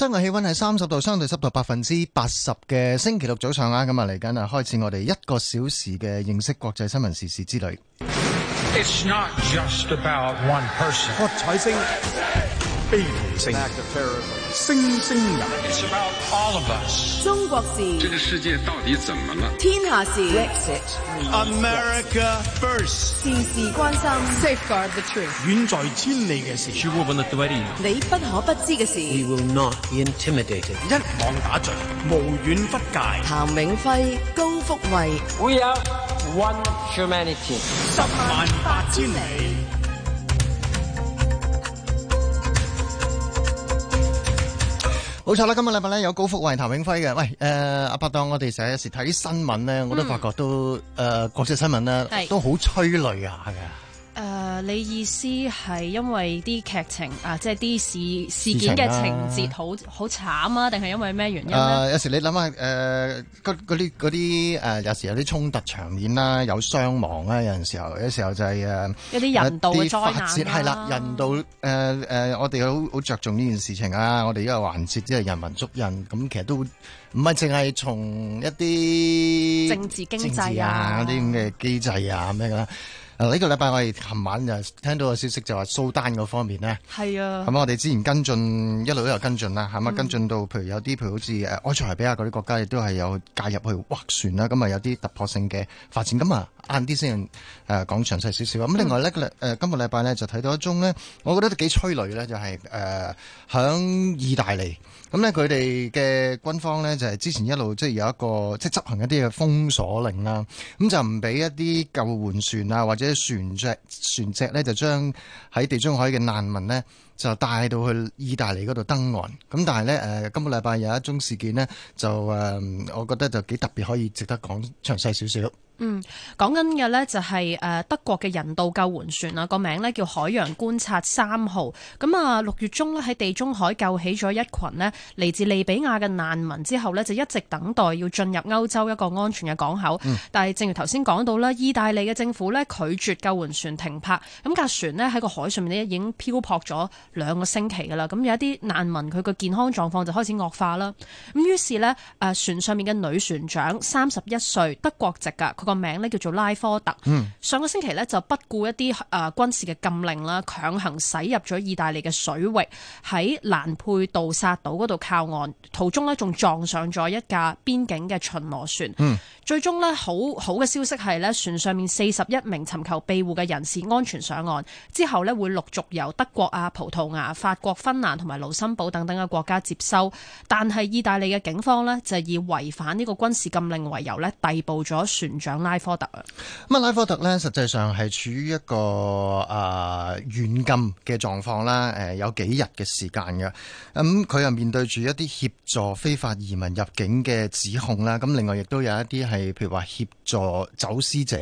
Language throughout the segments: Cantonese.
室外氣温係三十度，相對濕度百分之八十嘅星期六早上啊，咁啊嚟緊啊，開始我哋一個小時嘅認識國際新聞時事之旅。It's not just about one 背負性生生難中國事，這個世界到底怎麼了？天下事 I'm I'm，America first。事事關心，Safeguard the truth。遠在千里嘅事，你不可不知嘅事。We will not be intimidated。一網打盡，無遠不屆。譚永輝，高福慧。We are one humanity。十萬八千里。冇錯啦，今日禮拜咧有高福華、譚永輝嘅，喂，誒、呃，阿伯當我哋成日有時睇啲新聞咧，我都發覺都誒、嗯呃，國際新聞咧都好催淚啊，吓嘅。你意思係因為啲劇情啊，些情，情啊，即係啲事事件嘅情節好好慘啊，定係因為咩原因咧、啊？有時候你諗下誒嗰啲啲誒，有時候有啲衝突場面啦，有傷亡啊，有陣時候有時候就係、是、誒、就是啊、一啲人道嘅災難係啦，人道誒誒、呃呃，我哋好好着重呢件事情啊，我哋呢個環節即係人民足印，咁其實都唔係淨係從一啲政治經濟啊啲咁嘅機制啊咩啦。 呢、這個禮拜我哋琴晚就聽到個消息，就話蘇丹嗰方面呢，係啊，咁啊，我哋之前跟進，一路都有跟進啦，係咪跟進到譬如有啲，譬如好似誒埃塞比亞嗰啲國家，亦都係有介入去斡旋啦，咁啊有啲突破性嘅發展，咁啊晏啲先誒講詳細少少。咁另外呢誒、嗯呃、今個禮拜呢，就睇到一宗呢，我覺得都幾催淚咧，就係誒喺意大利。咁呢，佢哋嘅軍方呢，就係之前一路即係有一個即係執行一啲嘅封鎖令啦，咁就唔俾一啲救援船啊或者船隻船隻呢就將喺地中海嘅難民呢，就帶到去意大利嗰度登岸。咁但係呢，誒、呃，今個禮拜有一宗事件呢，就誒、呃，我覺得就幾特別，可以值得講詳細少少。嗯，講緊嘅呢，就係誒德國嘅人道救援船啦，個名呢叫海洋觀察三號。咁啊，六月中呢喺地中海救起咗一群呢嚟自利比亞嘅難民之後呢，就一直等待要進入歐洲一個安全嘅港口。嗯、但係正如頭先講到啦，意大利嘅政府呢拒絕救援船停泊。咁架船呢喺個海上面呢已經漂泊咗兩個星期噶啦。咁有一啲難民佢嘅健康狀況就開始惡化啦。咁於是呢，船上面嘅女船長三十一歲，德國籍噶。個名叫做拉科特，上個星期就不顧一啲誒軍事嘅禁令啦，強行駛入咗意大利嘅水域，喺蘭佩杜薩島嗰度靠岸，途中咧，仲撞上咗一架邊境嘅巡邏船，嗯，最終好好嘅消息係，船上面四十一名尋求庇護嘅人士安全上岸，之後咧會陸續由德國啊、葡萄牙、法國、芬蘭同埋盧森堡等等嘅國家接收，但係意大利嘅警方就以違反呢個軍事禁令為由咧逮捕咗船長。拉科特啊，咁啊拉科特咧，實際上係處於一個誒軟、呃、禁嘅狀況啦，誒、呃、有幾日嘅時間嘅，咁、呃、佢又面對住一啲協助非法移民入境嘅指控啦，咁另外亦都有一啲係，譬如話協助走私者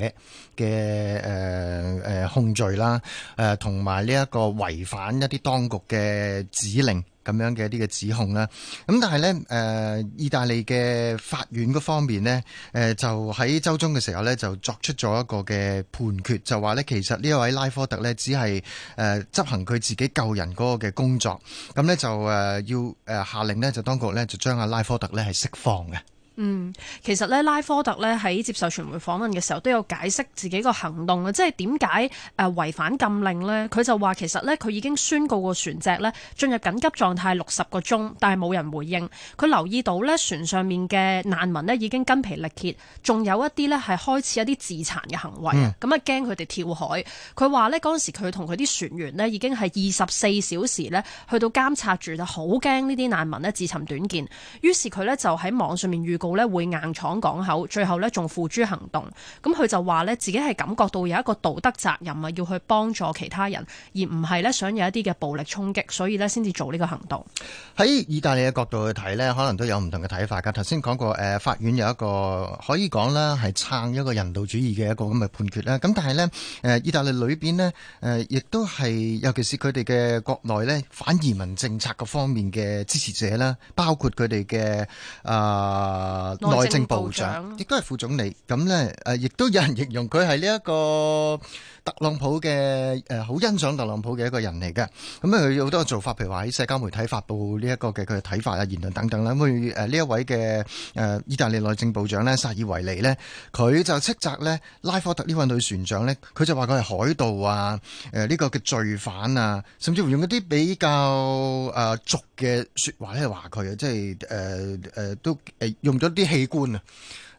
嘅誒誒控罪啦，誒同埋呢一個違反一啲當局嘅指令。咁樣嘅一啲嘅指控啦，咁但係咧、呃，意大利嘅法院嗰方面呢，呃、就喺周中嘅時候呢，就作出咗一個嘅判決，就話呢，其實呢一位拉科特呢，只係誒、呃、執行佢自己救人嗰個嘅工作，咁呢，就、呃、要、呃、下令呢，就當局呢，就將阿、啊、拉科特呢，係釋放嘅。嗯，其實咧，拉科特咧喺接受傳媒訪問嘅時候都有解釋自己個行動啊。即係點解誒違反禁令呢？佢就話其實呢，佢已經宣告個船隻呢進入緊急狀態六十個鐘，但係冇人回應。佢留意到呢，船上面嘅難民呢已經筋疲力竭，仲有一啲呢係開始一啲自殘嘅行為，咁啊驚佢哋跳海。佢話呢，嗰陣時佢同佢啲船員呢已經係二十四小時呢去到監察住，就好驚呢啲難民呢自尋短見。於是佢呢就喺網上面預告。冇咧，會硬闖港口，最後呢仲付諸行動。咁佢就話呢，自己係感覺到有一個道德責任啊，要去幫助其他人，而唔係呢想有一啲嘅暴力衝擊，所以呢，先至做呢個行動。喺意大利嘅角度去睇呢，可能都有唔同嘅睇法噶。頭先講過，誒，法院有一個可以講啦，係撐一個人道主義嘅一個咁嘅判決啦。咁但係呢，誒，意大利裏邊呢，誒，亦都係，尤其是佢哋嘅國內呢，反移民政策嗰方面嘅支持者啦，包括佢哋嘅誒。呃啊，內政部長，亦都係副總理，咁呢，誒，亦都有人形容佢係呢一個。特朗普嘅，誒好欣賞特朗普嘅一個人嚟嘅，咁啊佢有好多做法，譬如話喺社交媒體發布呢一個嘅佢嘅睇法啊、言論等等啦。咁佢誒呢一位嘅誒意大利內政部長咧薩爾維尼咧，佢就斥責咧拉科特呢位女船長咧，佢就話佢係海盜啊，呢個嘅罪犯啊，甚至乎用一啲比較誒俗嘅説話咧話佢啊，即係誒誒都誒用咗啲器官啊。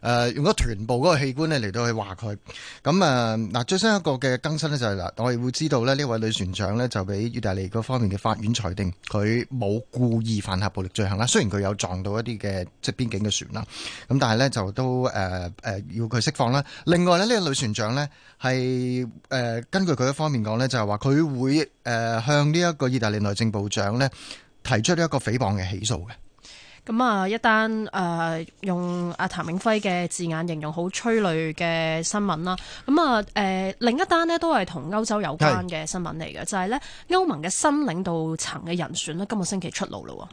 誒、呃，用嗰臀部嗰個器官咧嚟到去話佢，咁誒嗱最新一個嘅更新呢，就係、是、嗱，我哋會知道咧呢位女船長呢，就俾意大利嗰方面嘅法院裁定，佢冇故意犯下暴力罪行啦。雖然佢有撞到一啲嘅即係邊境嘅船啦，咁但係呢，就都誒誒、呃呃、要佢釋放啦。另外呢，呢個女船長呢，係誒、呃、根據佢一方面講呢，就係話佢會誒、呃、向呢一個意大利內政部長呢，提出一個誹謗嘅起訴嘅。咁、嗯、啊一單誒、呃、用阿譚永輝嘅字眼形容好催淚嘅新聞啦，咁啊誒另一單呢都係同歐洲有關嘅新聞嚟嘅，就係、是、呢歐盟嘅新領導層嘅人選呢，今個星期出爐嘞喎。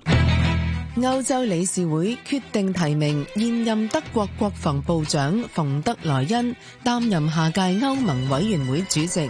歐洲理事會決定提名現任德國國防部長馮德萊恩擔任下屆歐盟委員會主席。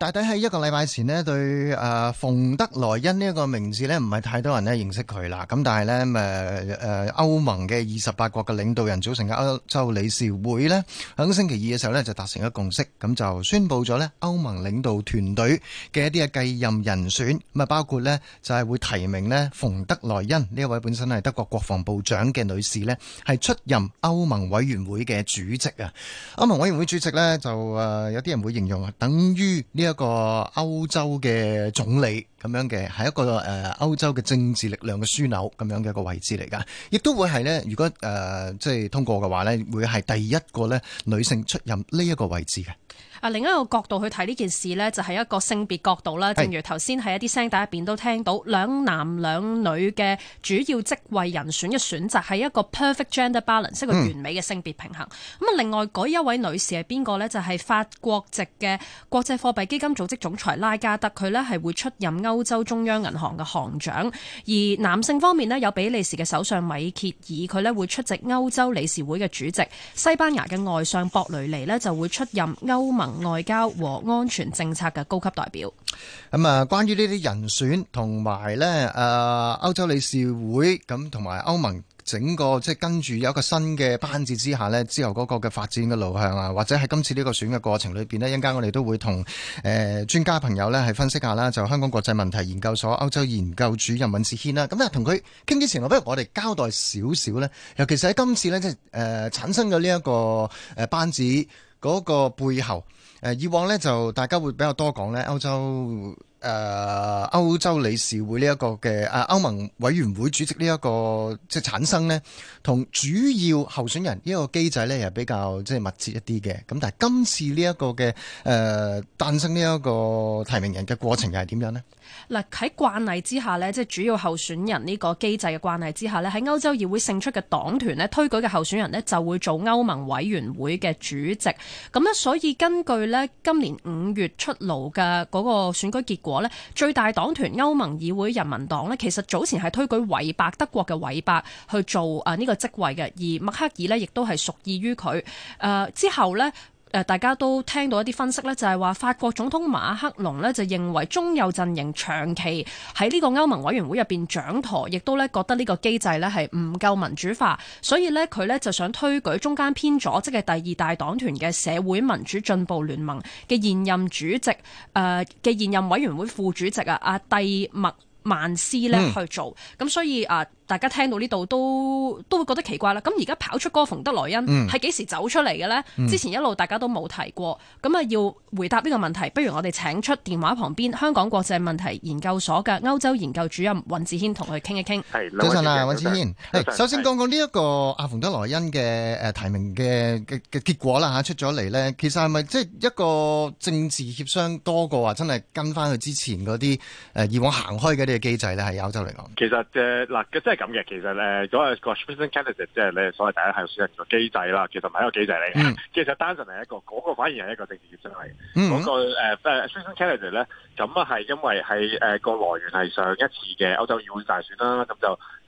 大抵喺一個禮拜前呢，對阿馮德萊恩呢一個名字呢，唔係太多人呢認識佢啦。咁但係呢，咁誒，歐盟嘅二十八國嘅領導人組成嘅歐洲理事會呢，喺星期二嘅時候呢就達成咗共識，咁就宣布咗呢歐盟領導團隊嘅一啲嘅繼任人選，咁啊包括呢就係會提名呢馮德萊恩呢一位本身係德國國防部長嘅女士呢，係出任歐盟委員會嘅主席啊。歐盟委員會主席呢就誒有啲人會形容啊，等於呢一。一個歐洲嘅總理。咁樣嘅係一個誒、歐、呃、洲嘅政治力量嘅樞紐，咁樣嘅一個位置嚟噶，亦都會係咧，如果誒、呃、即係通過嘅話咧，會係第一個咧女性出任呢一個位置嘅。啊，另一個角度去睇呢件事咧，就係、是、一個性別角度啦。正如頭先喺一啲聲帶入邊都聽到，兩男兩女嘅主要職位人選嘅選擇係一個 perfect gender balance，一、嗯、個完美嘅性別平衡。咁啊，另外嗰一位女士係邊個咧？就係、是、法國籍嘅國際貨幣基金組織總裁拉加德，佢咧係會出任歐歐洲中央銀行嘅行長，而男性方面呢，有比利時嘅首相米歇爾，佢呢會出席歐洲理事會嘅主席，西班牙嘅外相博雷利呢就會出任歐盟外交和安全政策嘅高級代表。咁啊，關於呢啲人選同埋呢誒，歐洲理事會咁同埋歐盟。整個即係、就是、跟住有一個新嘅班子之下呢，之後嗰個嘅發展嘅路向啊，或者喺今次呢個選嘅過程裏面呢，一陣間我哋都會同誒、呃、專家朋友呢係分析下啦。就香港國際問題研究所歐洲研究主任尹子軒啦，咁咧同佢傾之前，我不如我哋交代少少呢，尤其是喺今次呢即係、呃、產生嘅呢一個班子嗰個背後、呃，以往呢，就大家會比較多講呢歐洲。誒、呃、歐洲理事會呢一個嘅啊歐盟委員會主席呢、這、一個即係產生呢同主要候選人呢一個機制呢又比較即係密切一啲嘅。咁但係今次呢一個嘅誒、呃、誕生呢一個提名人嘅過程又係點樣呢？嗱、呃、喺慣例之下呢，即係主要候選人呢個機制嘅慣例之下呢，喺歐洲議會勝出嘅黨團呢推舉嘅候選人呢就會做歐盟委員會嘅主席。咁呢，所以根據呢今年五月出爐嘅嗰個選舉結果。最大黨團歐盟議會人民黨呢，其實早前係推舉韋伯德國嘅韋伯去做啊呢個職位嘅，而默克爾呢亦都係屬意於佢。誒，之後呢。誒，大家都聽到一啲分析呢，就係話法國總統馬克龍呢，就認為中右陣營長期喺呢個歐盟委員會入邊掌舵，亦都呢覺得呢個機制呢係唔夠民主化，所以呢，佢呢就想推舉中間偏左，即係第二大黨團嘅社會民主進步聯盟嘅現任主席誒嘅現任委員會副主席啊阿蒂麥曼斯呢去做，咁所以啊。大家聽到呢度都都會覺得奇怪啦。咁而家跑出個馮德萊恩係幾時走出嚟嘅呢？之前一路大家都冇提過。咁、嗯、啊，要回答呢個問題，不如我哋請出電話旁邊香港國際問題研究所嘅歐洲研究主任尹子軒同佢傾一傾。早晨啊，尹子軒。首先講講呢一個阿馮德萊恩嘅提名嘅嘅、呃呃、結果啦吓、啊，出咗嚟呢，其實係咪即係一個政治協商多過話真係跟翻佢之前嗰啲、呃、以往行開嘅啲嘅機制呢？係歐洲嚟講。其實誒嗱、呃，即咁嘅，其實呢，嗰個 candidate，即係你所謂第一係選舉個機制啦，其實唔係一個機制嚟嘅，mm. 其實單純係一個嗰、嗰個反而係一個政治協議嚟嘅。嗰、mm. 嗰個 candidate 咧，咁啊係因為係誒個來源係上一次嘅歐洲議會大選啦，咁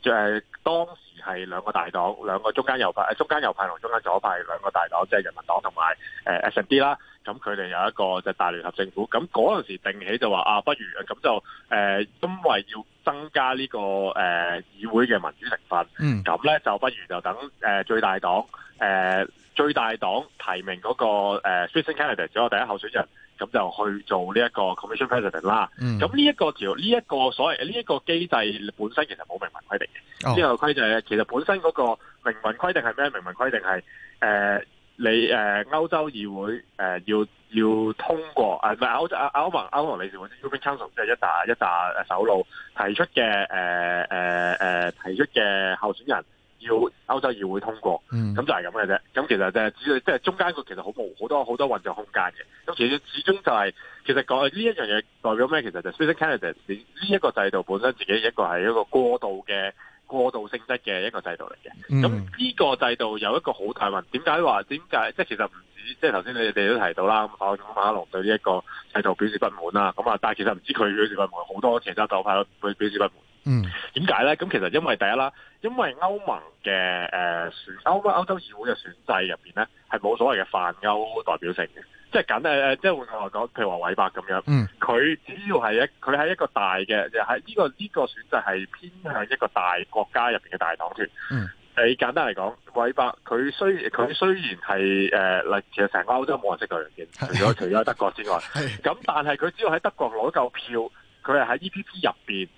就誒、呃、當時係兩個大黨，兩個中間右派中間右派同中間左派兩個大黨，即係人民黨同埋、呃、S and D 啦，咁佢哋有一個就大聯合政府，咁嗰陣時定起就話啊，不如咁就誒、呃、因為要。增加呢、這個、呃、議會嘅民主成分，咁、嗯、咧就不如就等誒、呃、最大黨誒、呃、最大黨提名嗰、那個 Spitzenkandidat、呃、candidate，咗第一候選人，咁就去做呢一個 Commission President 啦。咁呢一個條呢一個所謂呢一、這個機制本身其實冇明文規定嘅，之、哦、後、這個、規定咧其實本身嗰個明文規定係咩？明文規定係誒、呃、你誒、呃、歐洲議會誒、呃、要。要通過誒唔係歐洲歐盟歐盟理事會 European Council 即係一打一打誒首腦提出嘅誒誒誒提出嘅候選人要歐洲議會通過，咁、嗯、就係咁嘅啫。咁其實就係即係中間個其實好無好多好多運作空間嘅。咁其實始終就係、是、其實講呢一樣嘢代表咩？其實就 Speaker Candidates 呢一個制度本身自己一個係一個過渡嘅。過渡性質嘅一個制度嚟嘅，咁呢個制度有一個好大問，點解話點解？即係其實唔止，即係頭先你哋都提到啦，馬克龍對呢一個制度表示不滿啦。咁啊，但係其實唔知佢表示不滿，好多其他黨派都表表示不滿。嗯，點解咧？咁其實因為第一啦，因為歐盟嘅誒選歐歐洲議會嘅選制入邊咧，係冇所謂嘅泛歐代表性嘅。即係簡單誒即係換句話講，譬如話韋伯咁樣，佢、嗯、只要係一佢一個大嘅，又、這、呢個呢、這個、選擇係偏向一個大國家入面嘅大黨團。你、嗯、簡單嚟講，韋伯佢雖，雖然佢雖然係誒嗱，其實成個歐洲冇人識佢樣嘅，除咗 除咗喺德國之外，咁 但係佢只要喺德國攞夠票，佢係喺 EPP 入面。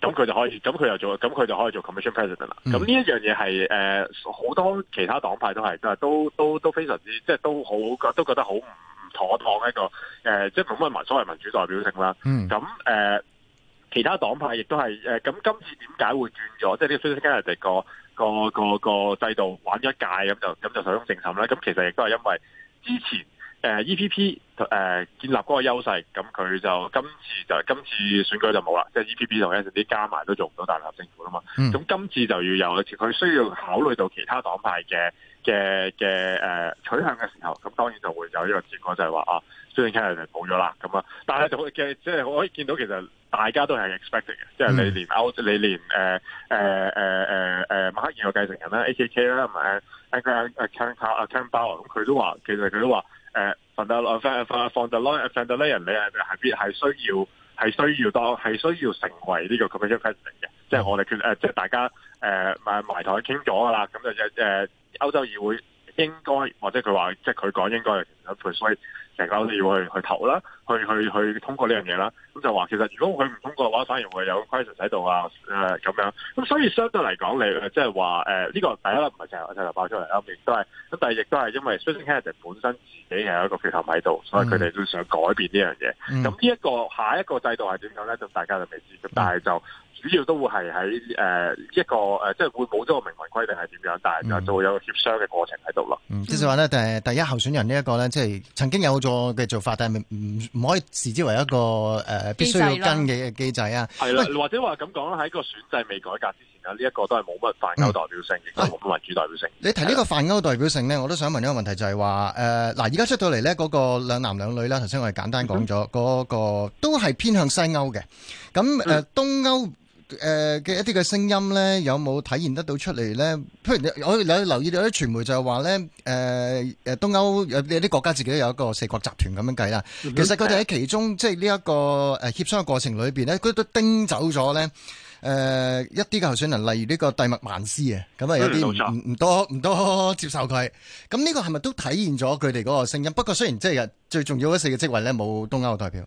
咁佢就可以，咁佢又做，咁佢就可以做 Commission President 啦。咁呢一樣嘢係誒，好、呃、多其他黨派都係，都都都非常之，即係都好，都覺得好唔妥當一個誒、呃，即係冇乜所謂民主代表性啦。咁、嗯、誒、呃，其他黨派亦都係咁今次點解會轉咗？即係呢個蘇格蘭議席個個個,個制度玩咗一屆，咁就咁就受咗政審咧？咁其實亦都係因為之前。誒、uh, EPP 誒、uh, 建立嗰個優勢，咁佢就今次就今次選舉就冇啦，即係 EPP 同 S&D 加埋都做唔到大聯合政府啊嘛。咁、mm. 今次就要有，一次，佢需要考慮到其他黨派嘅嘅嘅誒取向嘅時候，咁當然就會有呢個結果就係話啊。就冇咗啦，咁啊，但係就即係可以見到，其實大家都係 expected 嘅，即係你連歐，你連誒誒誒誒誒，馬克爾嘅繼承人啦 AKK 咧，同埋阿 Ken 阿 Ken Paul，咁佢都話，其實佢都話誒，von der Leyen，von der Leyen 必係需要係需要當係需要成為呢個 Commission President 嚟嘅，即係我哋決誒，即係大家誒埋、呃、埋台傾咗噶啦，咁就誒歐、呃、洲議會應該或者佢話，即係佢講應該係。成交都要去去投啦，去去去通過呢樣嘢啦。咁就話、是、其實如果佢唔通過嘅話，反而會有虧損喺度啊。誒、呃、咁樣，咁所以相對嚟講，你即係話誒呢個第一啦，唔係成日成日爆出嚟啦，亦都係咁。第二亦都係因為上市公司本身自己係有一個缺陷喺度，所以佢哋都想改變呢、mm. 樣嘢、這個。咁呢一個下一個制度係點樣咧？咁大家就未知。但係就。主要都會係喺誒一個誒、呃，即係會冇咗個明文規定係點樣，但係就做有個協商嘅過程喺度咯。嗯，即是話咧，第第一候選人呢、這、一個咧，即係曾經有咗嘅做法，但係唔唔可以視之為一個、呃、必須要跟嘅機制啊。係啦，或者話咁講啦，喺個選制未改革之前啊，呢、這、一個都係冇乜泛歐代表性，亦都冇乜民主代表性。啊、你提呢個泛歐代表性咧，我都想問一個問題就，就係話誒嗱，而家出到嚟咧嗰個兩男兩女啦，頭先我哋簡單講咗嗰個都係偏向西歐嘅，咁、嗯呃、東歐。誒、呃、嘅一啲嘅聲音咧，有冇體現得到出嚟咧？譬如我有留意到啲傳媒就係話咧，誒、呃、誒，東歐有啲國家自己都有一個四國集團咁樣計啦。其實佢哋喺其中即係呢一個誒協商嘅過程裏邊咧，佢都叮走咗咧，誒、呃、一啲嘅候選人，例如呢個蒂麥曼斯啊，咁啊有啲唔唔多唔多接受佢。咁呢個係咪都體現咗佢哋嗰個聲音？不過雖然即係最重要嘅四個職位咧，冇東歐嘅代表。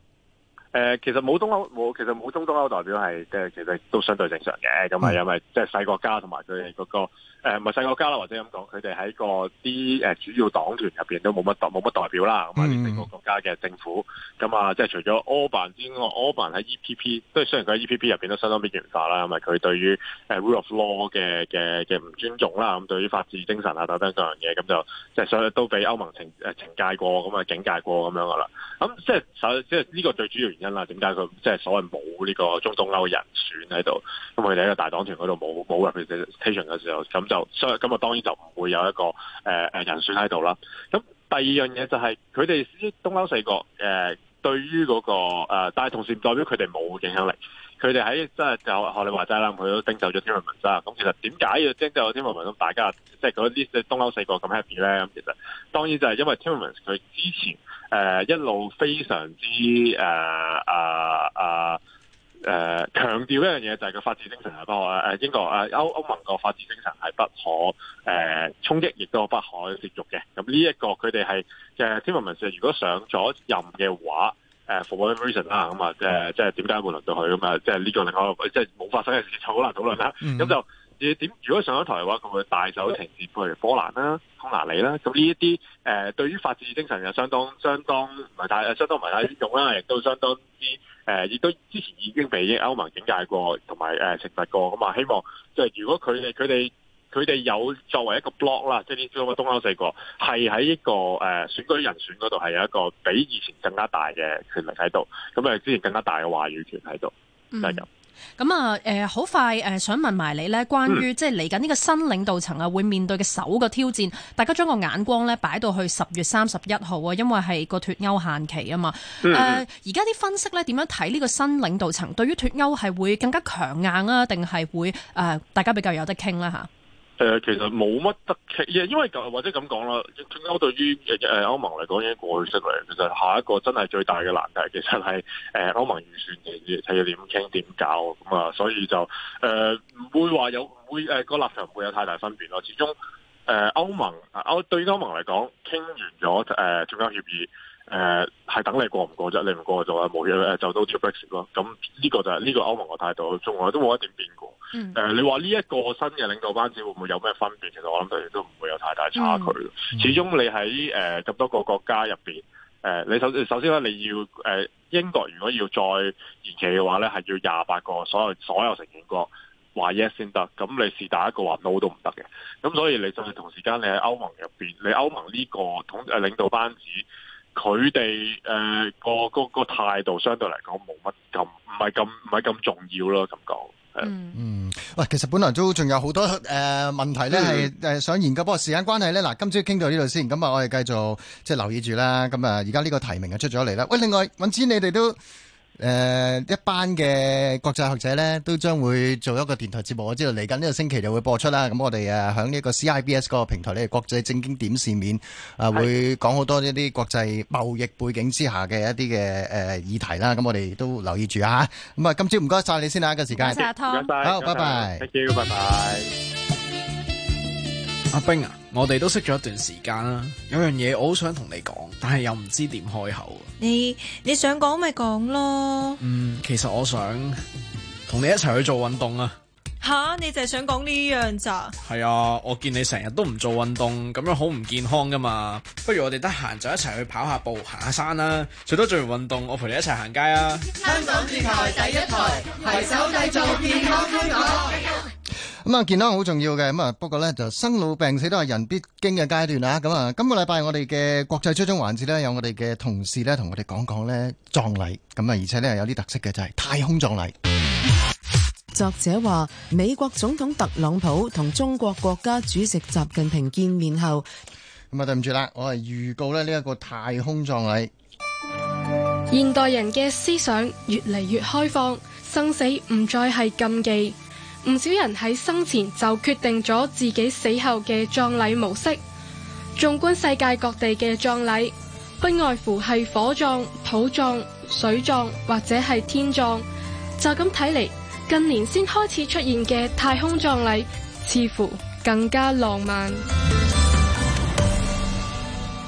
誒，其實冇東歐，冇其實冇中東歐代表係，即係其實都相對正常嘅，咁啊，因為即係細國家同埋佢嗰個。誒唔係細國家啦，或者咁講，佢哋喺個啲誒、啊、主要黨團入邊都冇乜代冇乜代表啦。咁啊，呢幾個國家嘅政府咁啊，即係除咗歐爾班之外，歐爾班喺 EPP 即係雖然佢喺 EPP 入邊都相當邊緣化啦，因為佢對於誒 rule of law 嘅嘅嘅唔尊重啦，咁對於法治精神啊等等嗰樣嘢，咁就即係所有都俾歐盟懲誒懲戒過，咁啊警戒過咁樣噶啦。咁、啊、即係首即係呢個最主要原因啦。點解佢即係所謂冇呢個中東歐人選喺度？咁佢哋喺個大黨團嗰度冇冇 representation 嘅時候，咁。就所以咁日當然就唔會有一個誒、呃、人選喺度啦。咁第二樣嘢就係佢哋東東歐四國誒、呃，對於嗰、那個、呃、但係同時唔代表佢哋冇影響力。佢哋喺即係就學、是、你話齋啦，佢都頂走咗 Timmermans 咁，其實點解要頂走 Timmermans 大家即係嗰啲即係東歐四國咁 happy 咧？咁其實當然就係因為 Timmermans 佢之前誒、呃、一路非常之誒啊、呃呃呃誒、呃、強調一樣嘢就係個法治精神不可，英國誒，歐歐盟個法治精神係不可誒、呃、衝擊，亦都不可接觸嘅。咁呢一個佢哋係即係文 i m 如果上咗任嘅話、呃、f o r w h a t r e a s o n 啦咁、就、啊、是、即係點解會輪到佢咁啊？即係呢個另外一個即係冇發生嘅事情好難討論啦。咁就。Mm-hmm. 點？如果上咗台嘅話，佢會帶走政治，譬如波蘭啦、啊、匈牙利啦、啊。咁呢一啲誒，對於法治精神又相當相當唔係太，相當唔係太尊重啦，亦都相當之誒，亦都之前已經被歐盟警戒過，同埋誒懲罰過。咁啊，希望即係如果佢哋佢哋佢哋有作為一個 block 啦，即係呢幾個東歐四國，係喺一個誒選舉人選嗰度係有一個比以前更加大嘅權力喺度，咁啊之前更加大嘅話語權喺度，就係咁。咁啊，誒好、呃、快、呃、想問埋你咧，關於即係嚟緊呢個新領導層啊，會面對嘅首個挑戰，嗯、大家將個眼光咧擺到去十月三十一號啊，因為係個脱歐限期啊嘛。誒、嗯，而家啲分析咧點樣睇呢個新領導層對於脱歐係會更加強硬啊，定係會誒、呃、大家比較有得傾啦嚇？其實冇乜得傾，因為舊或者咁講啦，脱歐對於歐盟嚟講已經過去式嚟，其實下一個真係最大嘅難題，其實係、呃、歐盟預算嘅，係要點傾點搞咁啊、嗯？所以就誒唔、呃、會話有唔會誒、呃、個立場唔會有太大分別囉。始終誒、呃、歐盟歐、呃、對於歐盟嚟講，傾完咗誒脱協議脱歐協議係、呃、等你過唔過啫，你唔過，過就冇嘢誒，就都脱 Brexit 咯。咁呢個就係、是、呢、呢個歐盟嘅態度，從來都冇一點變過。誒、嗯呃，你話呢一個新嘅領導班子會唔會有咩分別？其實我諗佢哋都唔會有太大差距，、嗯嗯、始終你喺誒咁多個國家入邊，誒、呃，你首先首先咧，你要誒、呃、英國如果要再延期嘅話咧，係要廿八個所有所有成員國話 yes 先得。咁你是但一個話 no 都唔得嘅。咁所以你就算同時間你喺歐盟入邊，你歐盟呢個統誒領導班子，佢哋誒個、那個個態度相對嚟講冇乜咁唔係咁唔係咁重要咯。咁講。嗯，嗯，喂，其實本來都仲有好多誒、呃、問題咧，係誒想研究，嗯、不過時間關係咧，嗱，今朝傾到呢度先，咁啊，我哋繼續即係留意住啦，咁啊，而家呢個提名啊出咗嚟啦，喂，另外，尹子，你哋都。誒、呃，一班嘅國際學者咧，都將會做一個電台節目。我知道嚟緊呢個星期就會播出啦。咁我哋誒喺呢個個 CIBS 個平台呢，國際政經點市面啊，會講好多呢啲國際貿易背景之下嘅一啲嘅誒議題啦。咁我哋都留意住啊。咁啊，今朝唔該晒你先啦，一個時間唔該晒。好，拜拜。謝謝，謝謝，謝謝拜拜。阿冰啊！我哋都識咗一段時間啦，有樣嘢我好想同你講，但係又唔知點開口。你，你想講咪講咯。嗯，其實我想同你一齊去做運動啊。吓？你就係想講呢樣咋？係啊，我見你成日都唔做運動，咁樣好唔健康㗎嘛。不如我哋得閒就一齊去跑下步、行下山啦，啊。除咗做完運動，我陪你一齊行街啊。香港電台第一台，攜手打造健康香港。咁啊，健康好重要嘅，咁啊，不過咧就生老病死都係人必經嘅階段啊！咁啊，今個禮拜我哋嘅國際追蹤環節咧，有我哋嘅同事咧，同我哋講講咧葬禮，咁啊，而且咧有啲特色嘅就係太空葬禮。作者話，美國總統特朗普同中國國家主席習近平見面後，咁啊，對唔住啦，我係預告咧呢一個太空葬禮。現代人嘅思想越嚟越開放，生死唔再係禁忌。唔少人喺生前就決定咗自己死後嘅葬禮模式。縱觀世界各地嘅葬禮，不外乎係火葬、土葬、水葬或者係天葬。就咁睇嚟，近年先開始出現嘅太空葬禮，似乎更加浪漫。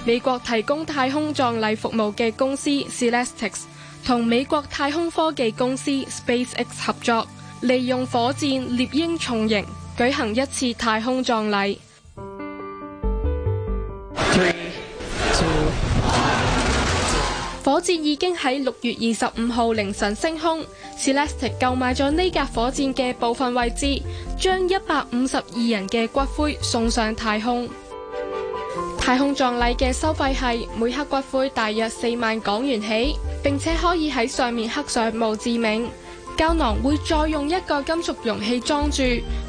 美國提供太空葬禮服務嘅公司 Celestics 同美國太空科技公司 SpaceX 合作。利用火箭獵鷹重型舉行一次太空葬禮。火箭已經喺六月二十五號凌晨升空。 Celeste 購買咗呢架火箭嘅部分位置，將一百五十二人嘅骨灰送上太空。太空葬禮嘅收費係每克骨灰大約四萬港元起，並且可以喺上面刻上墓誌銘。膠囊會再用一個金屬容器裝住，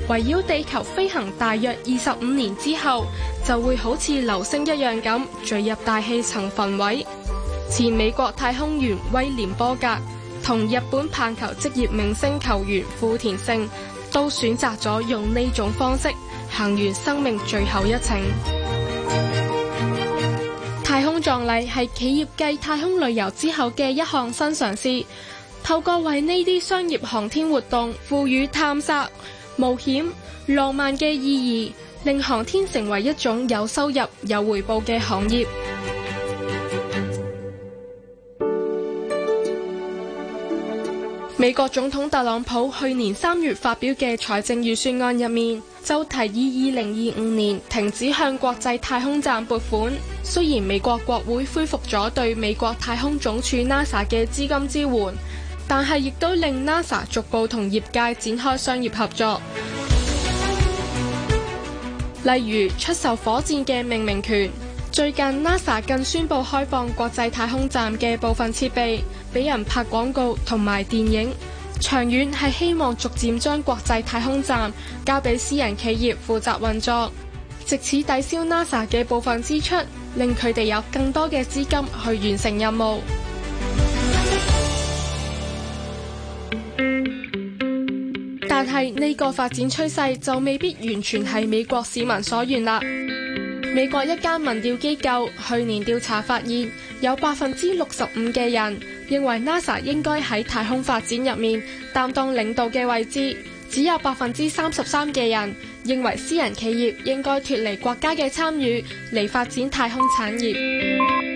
圍繞地球飛行大約二十五年之後，就會好似流星一樣咁墜入大氣層焚毀。前美國太空員威廉波格同日本棒球職業明星球員富田勝都選擇咗用呢種方式行完生命最後一程。太空葬禮係企業繼太空旅遊之後嘅一項新嘗試。透過為呢啲商業航天活動賦予探索、冒險、浪漫嘅意義，令航天成為一種有收入、有回報嘅行業。美國總統特朗普去年三月發表嘅財政預算案入面，就提議二零二五年停止向國際太空站撥款。雖然美國國會恢復咗對美國太空總署 NASA 嘅資金支援。但係，亦都令 NASA 逐步同業界展開商業合作，例如出售火箭嘅命名權。最近 NASA 更宣布開放國際太空站嘅部分設備俾人拍廣告同埋電影。長遠係希望逐漸將國際太空站交俾私人企業負責運作，藉此抵消 NASA 嘅部分支出，令佢哋有更多嘅資金去完成任務。但係呢個發展趨勢就未必完全係美國市民所願啦。美國一間民調機構去年調查發現，有百分之六十五嘅人認為 NASA 應該喺太空發展入面擔當領導嘅位置，只有百分之三十三嘅人認為私人企業應該脫離國家嘅參與嚟發展太空產業。